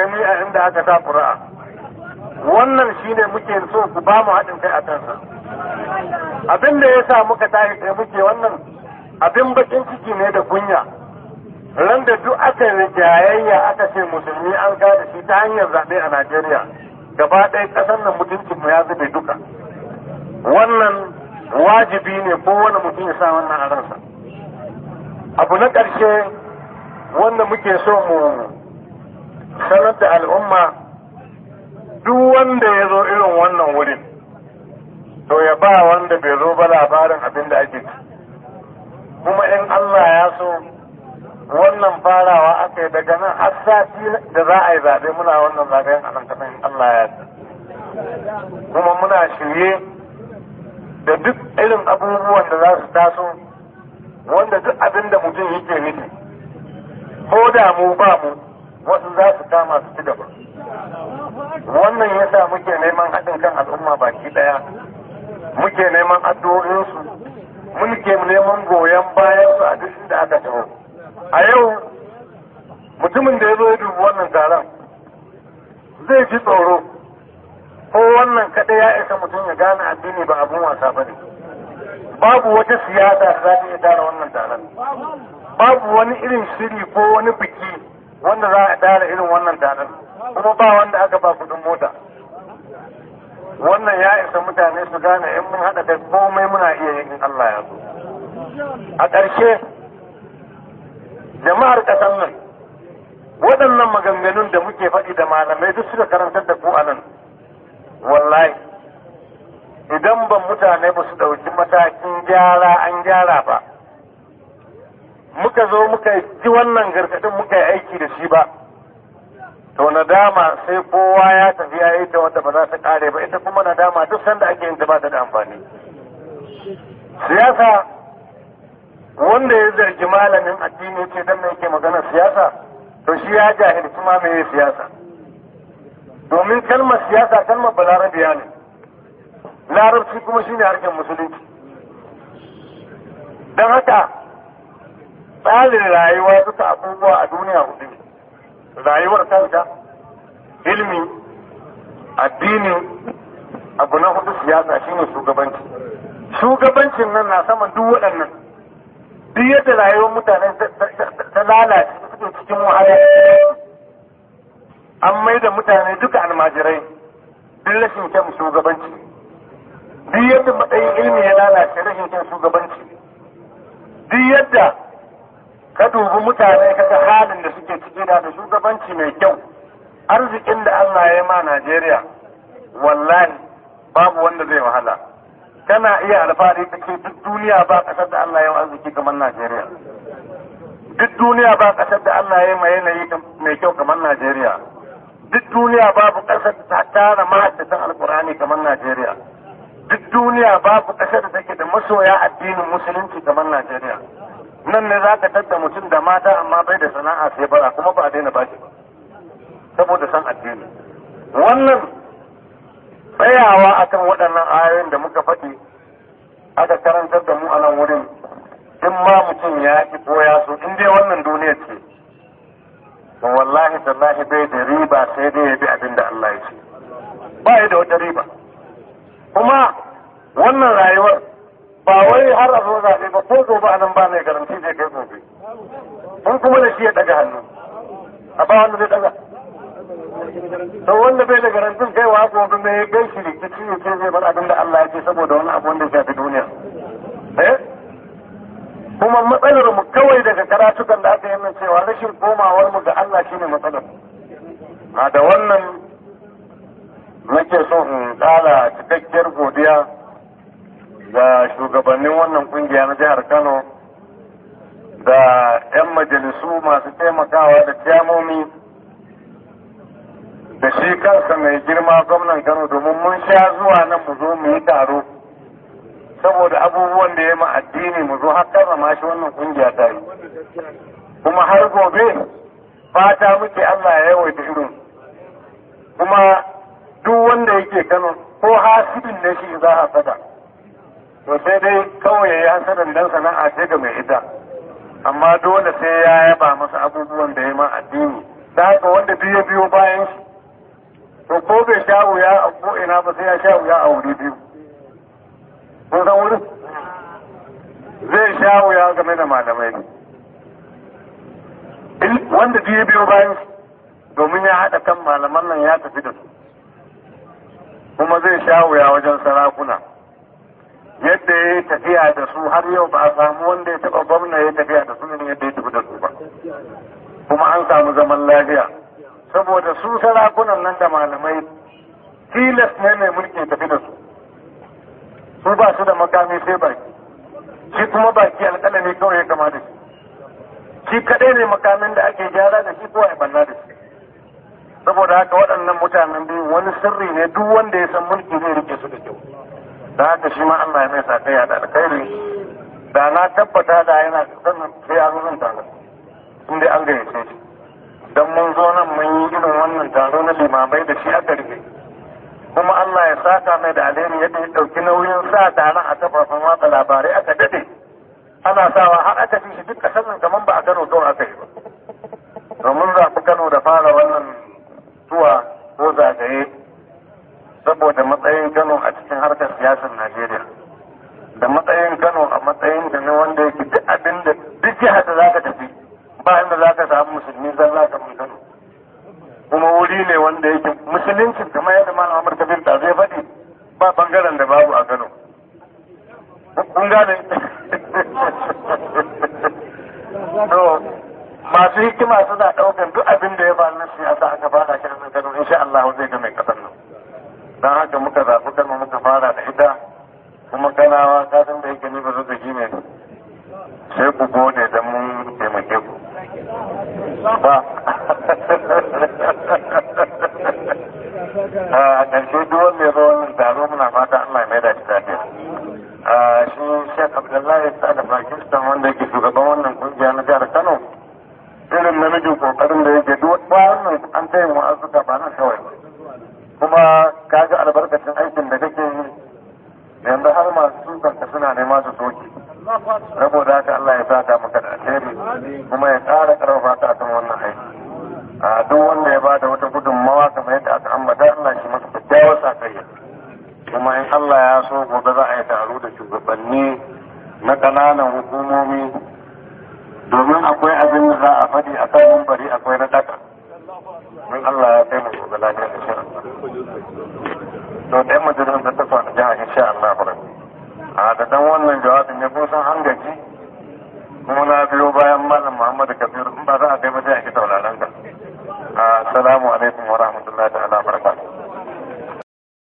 taimi a inda aka sa ƙura'a wannan shine muke so ku ba mu haɗin kai a kansa abin da ya sa muka tashi kai muke wannan abin bakin ciki ne da kunya ran da duk aka rijayayya aka ce musulmi an gada shi ta hanyar zaɓe a najeriya gaba ɗaya ƙasar nan mutuncinmu ya zube duka wannan wajibi ne kowane mutum ya sa wannan a ransa abu na ƙarshe wanda muke so mu sanar da al'umma duk wanda ya zo irin wannan wurin to ya ba wanda bai zo ba labarin abin da ake kuma in Allah ya so wannan farawa aka yi daga nan har sati da za a yi zaɓe muna wannan zagayen a nan kasan Allah ya kuma muna shirye da duk irin abubuwan da za su taso wanda duk abin da mutum yake nufi ko da mu ba mu wasu za su kama su ci gaba wannan sa muke neman haɗin kan al'umma baki ɗaya muke neman addu'o'insu muke neman goyon bayan su a duk da aka taho a yau mutumin da ya zo ya dubi wannan taron zai ji tsoro ko wannan kaɗai ya isa mutum ya gane addini ba abun wasa ba ne babu wata siyasa da za ta iya tara wannan taron babu wani irin shiri ko wani biki wanda za a tara irin wannan tanin kuma ba wanda aka ba kudin mota wannan ya isa mutane su gane in mun haɗa kai komai muna iya yin Allah ya so a ƙarshe jama'ar ƙasar nan waɗannan maganganun da muke faɗi da malamai duk suka karantar da ku a nan wallahi idan ban mutane ba su ɗauki matakin gyara an gyara ba muka zo muka ji wannan gargadin muka yi aiki da shi ba to nadama sai kowa ya tafi ya yi ta wanda ba za ta kare ba ita kuma nadama duk sanda ake yin ba ta da amfani siyasa wanda ya zargi malamin addini ce dan yake magana siyasa to shi ya jahilci ma mai siyasa domin kalmar siyasa kalmar balarabiya ne larabci kuma shine harkar musulunci don haka tsarin rayuwa duka abubuwa a duniya hudu ne rayuwar kanka ilmi addini abu na hudu siyasa shine shugabanci shugabancin nan na saman duk waɗannan duk yadda rayuwar mutane ta lalace suke cikin wahala an mai da mutane duka almajirai duk rashin kyan shugabanci duk yadda matsayin ilmi ya lalace rashin kyan shugabanci duk yadda ka dubi mutane ka ga halin da suke ciki da da shugabanci mai kyau arzikin da Allah ya ma Najeriya wallahi babu wanda zai wahala kana iya alfahari kake duk duniya ba kasar da Allah ya arziki kamar Najeriya duk duniya ba kasar da Allah ya mai yanayi mai kyau kamar Najeriya duk duniya babu kasar da ta tara san alkurani kamar Najeriya duk duniya babu kasar da take da masoya addinin musulunci kamar Najeriya nan ne za ka tadda mutum da mata amma bai da sana'a sai bara kuma ba a daina ba shi ba saboda san addini wannan tsayawa akan waɗannan ayoyin da muka faɗi aka karantar da mu a nan wurin in ma mutum ya ki koya su in dai wannan duniya ce to wallahi tallahi bai da riba sai dai ya bi abin da Allah ya ce ba da wata riba kuma wannan rayuwar ba wai har a zo zaɓe ba ko zo ba a nan ba da garantin kai wa ko gobe mai gai shi rikici ya ce zai bar abin da Allah ya saboda wani abu da ya shafi duniya eh? kuma matsalar mu kawai daga karatukan da aka yi min cewa rashin komawar mu ga Allah shine matsalar a da wannan nake so in kara cikakkiyar godiya ga shugabannin wannan kungiya na jihar Kano da 'yan majalisu masu taimakawa da jamomi da shi kansa mai girma gwamnan Kano domin mun sha zuwa nan mu zo mu yi taro saboda abubuwan da ya ma addini mu zo har kama ma shi wannan kungiya ta yi kuma har gobe fata muke Allah ya yawaita irin kuma duk wanda yake Kano ko hasidin da shi za a fada to sai dai kawai ya yi dan sana'a ce ga mai ita amma dole sai ya yaba masa abubuwan da ya ma addini da haka wanda biyo biyo bayan shi to ko bai sha wuya a ko'ina ba sai ya sha wuya a wuri biyu kun san wuri zai sha wuya game da malamai wanda biyu biyu bayan domin ya haɗa kan malaman nan ya tafi da su kuma zai sha wuya wajen sarakuna yadda ya yi tafiya da su har yau ba a samu wanda ya taɓa gwamna ya tafiya da su ne yadda ya tafi da su ba kuma an samu zaman lafiya saboda su sarakunan nan da malamai tilas ne mai mulki tafi da su su ba su da makami sai baki shi kuma baki alƙalami kawai ya kama da shi shi kaɗai ne makamin da ake gyara da shi ko a banna da shi saboda haka waɗannan mutanen biyu wani sirri ne duk wanda ya san mulki zai rike su da kyau da haka shi ma Allah ya mai sa kai da alkhairi da na tabbata da yana sanin sai an zunta da inda an gayyace shi don mun zo nan mun yi irin wannan taro na limamai da shi a rufe kuma Allah ya saka mai da alheri yadda ya ɗauki nauyin sa taron a kafafen watsa labarai aka dade ana sawa har aka ji shi duk ƙasar nan kamar ba a Kano don aka yi ba mun zaɓi Kano da fara wannan zuwa ko zagaye saboda matsayin Kano a cikin harkar siyasar Najeriya da matsayin Kano a matsayin da ne wanda yake duk abin da duk jihar da za ka tafi ba inda za ka samu musulmi zalla zalincin kamar yadda ma Ahmad Kabir da zai faɗi ba bangaren da babu a Kano kun gane to masu hikima suna ɗaukar duk abin da ya faru na siyasa aka fara kiran Kano insha Allah zai ga mai ƙasar nan dan haka muka zafi Kano muka fara da ita kuma kanawa kasan san da yake ni ba zai ji mai sai ku gode da mun taimake ku ba wanda ya zo wannan taro muna fata Allah mai da shi lafiya shi Sheikh Abdullahi Sada Pakistan wanda yake shugaban wannan kungiya na jihar Kano irin namijin kokarin da yake duk wannan an taya mu azuka ba nan kawai kuma ka ga albarkacin aikin da kake yi yanzu har masu sukanka suna nema su soke saboda haka Allah ya saka maka da alheri kuma ya ƙara ƙarfafa a kan wannan aiki a duk wanda ya bada wata gudunmawa kamar yadda aka ambata kuma in Allah ya so gobe za a yi taro da shugabanni na ƙananan hukumomi domin akwai abin da za a faɗi a kan mumbari akwai na ɗaka in Allah ya kai mu gobe lafiya da shi to dai majalisar da ta kwana jiha insha Allah a da dan wannan jawabin ne ko san hanga